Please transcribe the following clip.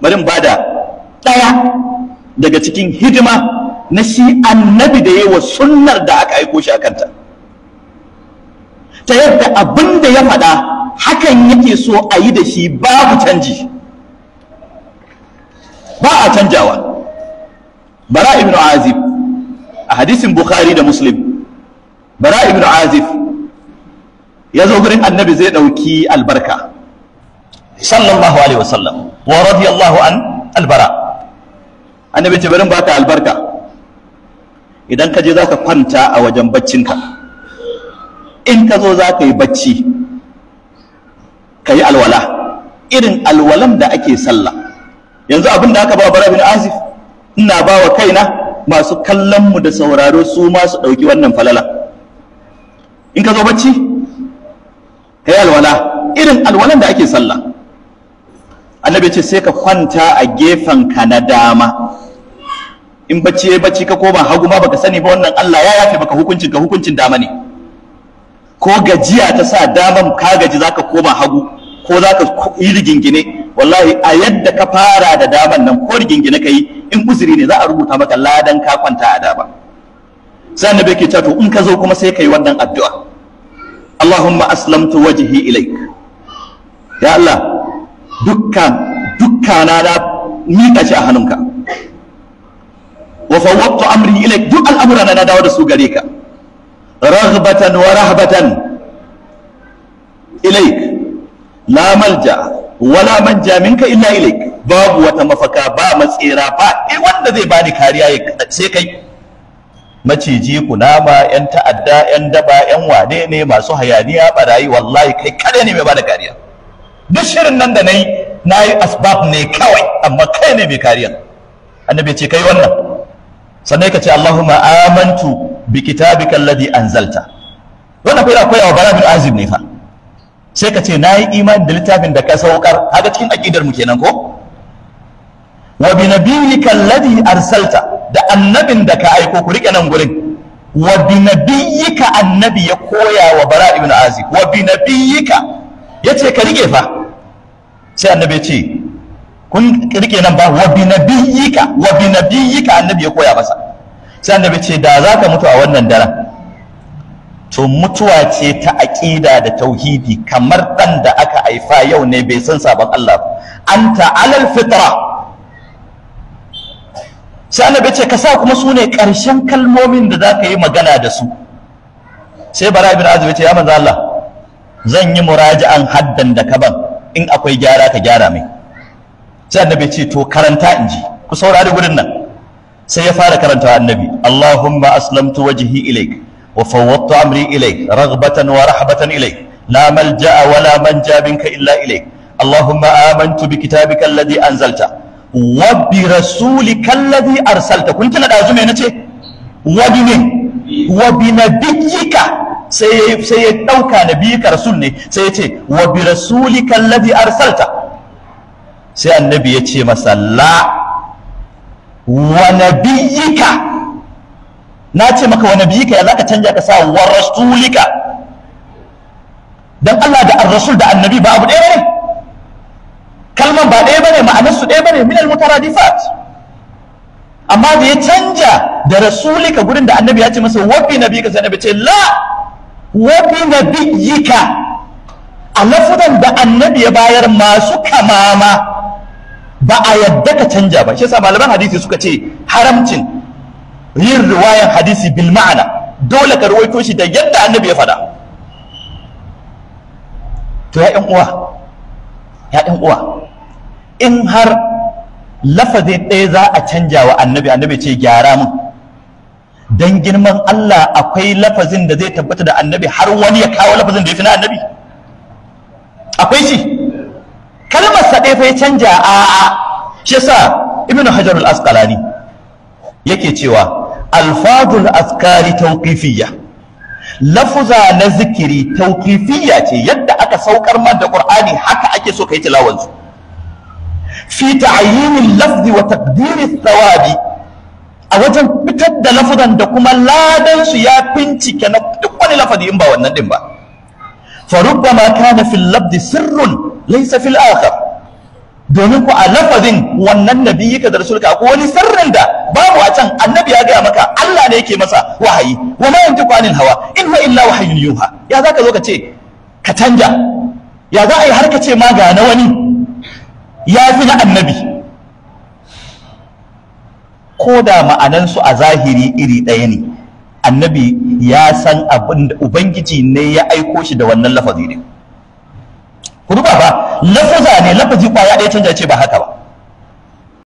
bari ba da ɗaya daga cikin hidima na shi annabi da yawa sunnar da aka aiko shi a kanta ta yadda abin da ya faɗa hakan yake so a yi da shi babu canji ba a canjawa bara ibn azib a hadisin bukhari da muslim bara ibn azib ya zo wurin annabi zai ɗauki albarka sallallahu alaihi wasallam wa radiyallahu an albara annabi ce barin baka albarka idan ka je zaka ka kwanta a wajen baccinka in ka zo za ka yi bacci ka yi alwala irin alwalan da ake sallah yanzu abin da aka ba bara bin Asif ina ba wa kaina masu kallon mu da sauraro su ma su ɗauki wannan falala in ka zo bacci ka yi alwala irin alwalan da ake sallah annabi ce sai ka kwanta a gefen ka na dama in bacci ya bacci ka koma hagu ma baka sani ba wannan Allah ya yafe maka hukuncin ka hukuncin dama ne ko gajiya ta sa daman ka gaji zaka koma hagu ko zaka yi rigingine wallahi a yadda ka fara da daman nan ko rigingine kai in uzuri ne za a rubuta maka ladan ka kwanta a dama sai annabi yake cewa to in ka zo kuma sai kai wannan addu'a Allahumma aslamtu wajhi ilaik ya Allah Dukka na na miƙa shi a hannunka wa fawwabtu amri ilaik duk al'amura na dawo da su gare ka raghbatan wa rahbatan ilaik la malja wala manja minka illa ilaik babu wata mafaka ba matsira ba eh wanda zai bani kariya ya sai kai maciji kunama yan ta'adda yan daba yan wane ne masu hayaniya barayi wallahi kai kare ne mai bada kariya duk shirin nan da nayi na yi asbab ne kawai amma kai ne mai kariya annabi ce kai wannan sannan ka ce Allahumma amantu bi kitabika alladhi anzalta wannan kai akwai wa bin azib ne fa sai ka ce na yi imani da littafin da ka saukar haka cikin aqidar mu kenan ko wa bi nabiyyika alladhi arsalta da annabin da ka aiko ku rike nan gurin wa bi nabiyyika annabi ya koya wa bara ibn azib wa bi nabiyyika yace ka rike fa sai annabi ce kun kirke nan ba wa binabiyyika wa binabiyyika annabi ya koya masa sai annabi ce da za ka mutu a wannan daren to mutuwa ce ta aƙida da tauhidi kamar ɗan da aka haifa yau ne bai san sabon Allah ba anta alal fitra sai annabi ce ka sa kuma su ne ƙarshen kalmomin da za ka yi magana da su sai bara ibn azib ce ya manzo Allah zan yi muraji'an haddan da ka ban in akwai gyara ka gyara mai sai annabi ce to karanta in ji ku saurari gurin nan sai ya fara karanta annabi Allahumma aslamtu wajhi ilaik wa fawwadtu amri ilaik raghbatan wa rahbatan ilaik la malja'a wa la manja minka illa ilaik Allahumma amantu bi kitabika alladhi anzalta wa bi rasulika alladhi arsalta kun tana da zume nace wa bi ne wa bi nabiyyika sai ɗauka na biyu ka rasul ne sai ya ce wa bi rasulika alladhi arsalta sai annabi ya ce masa la wa nabiyika na ce maka wa nabiyika ya ka canja ka sa wa rasulika dan Allah da ar-rasul da annabi ba abu ɗaya bane kalman ba ɗaya bane ma'anar su ɗaya bane min al-mutaradifat amma da ya canja da rasulika gurin da annabi ya ce masa wa bi nabiyika sai annabi ce la wabi bi biyika a lafudan da annabi ya bayar masu kamama ba a yadda ka canja ba shi yasa malaman hadisi suka ce haramcin yin riwayan hadisi bil ma'ana dole ka ruwaito shi da yadda annabi ya faɗa to ya ƴan uwa ya ƴan uwa in har lafazin ɗaya za a canja wa annabi annabi ce gyara mun dan girman Allah akwai lafazin da zai tabbata da annabi har wani ya kawo lafazin da ya fi na annabi akwai shi kalmar sa ɗaya ya canja a a shi yasa ibnu hajar al-asqalani yake cewa alfadul azkari tawqifiyya lafuza na zikiri tawqifiyya ce yadda aka saukar man da qur'ani haka ake so kai tilawansu fi ta'yin lafzi wa taqdiri thawabi a wajen fitar da lafudan da kuma ladan su ya bincike na duk wani lafazi in ba wannan din ba fa ma kana fil labdi sirrun laysa fil akhar domin ku a lafazin wannan nabi yake da rasulka ko wani sirrin da babu a can annabi ya gaya maka Allah ne yake masa wahayi wa ma yantiqu anil hawa in huwa illa wahyun yuha ya zaka zo ka ce ka canja ya za a yi har ka ce ma ga na wani ya fi na annabi ko da ma'anansu a zahiri iri ɗaya ne annabi ya san abin ubangiji ne ya aiko shi da wannan lafazi ne ku duba ba lafaza ne lafazi kwaya ɗaya canja ce ba haka ba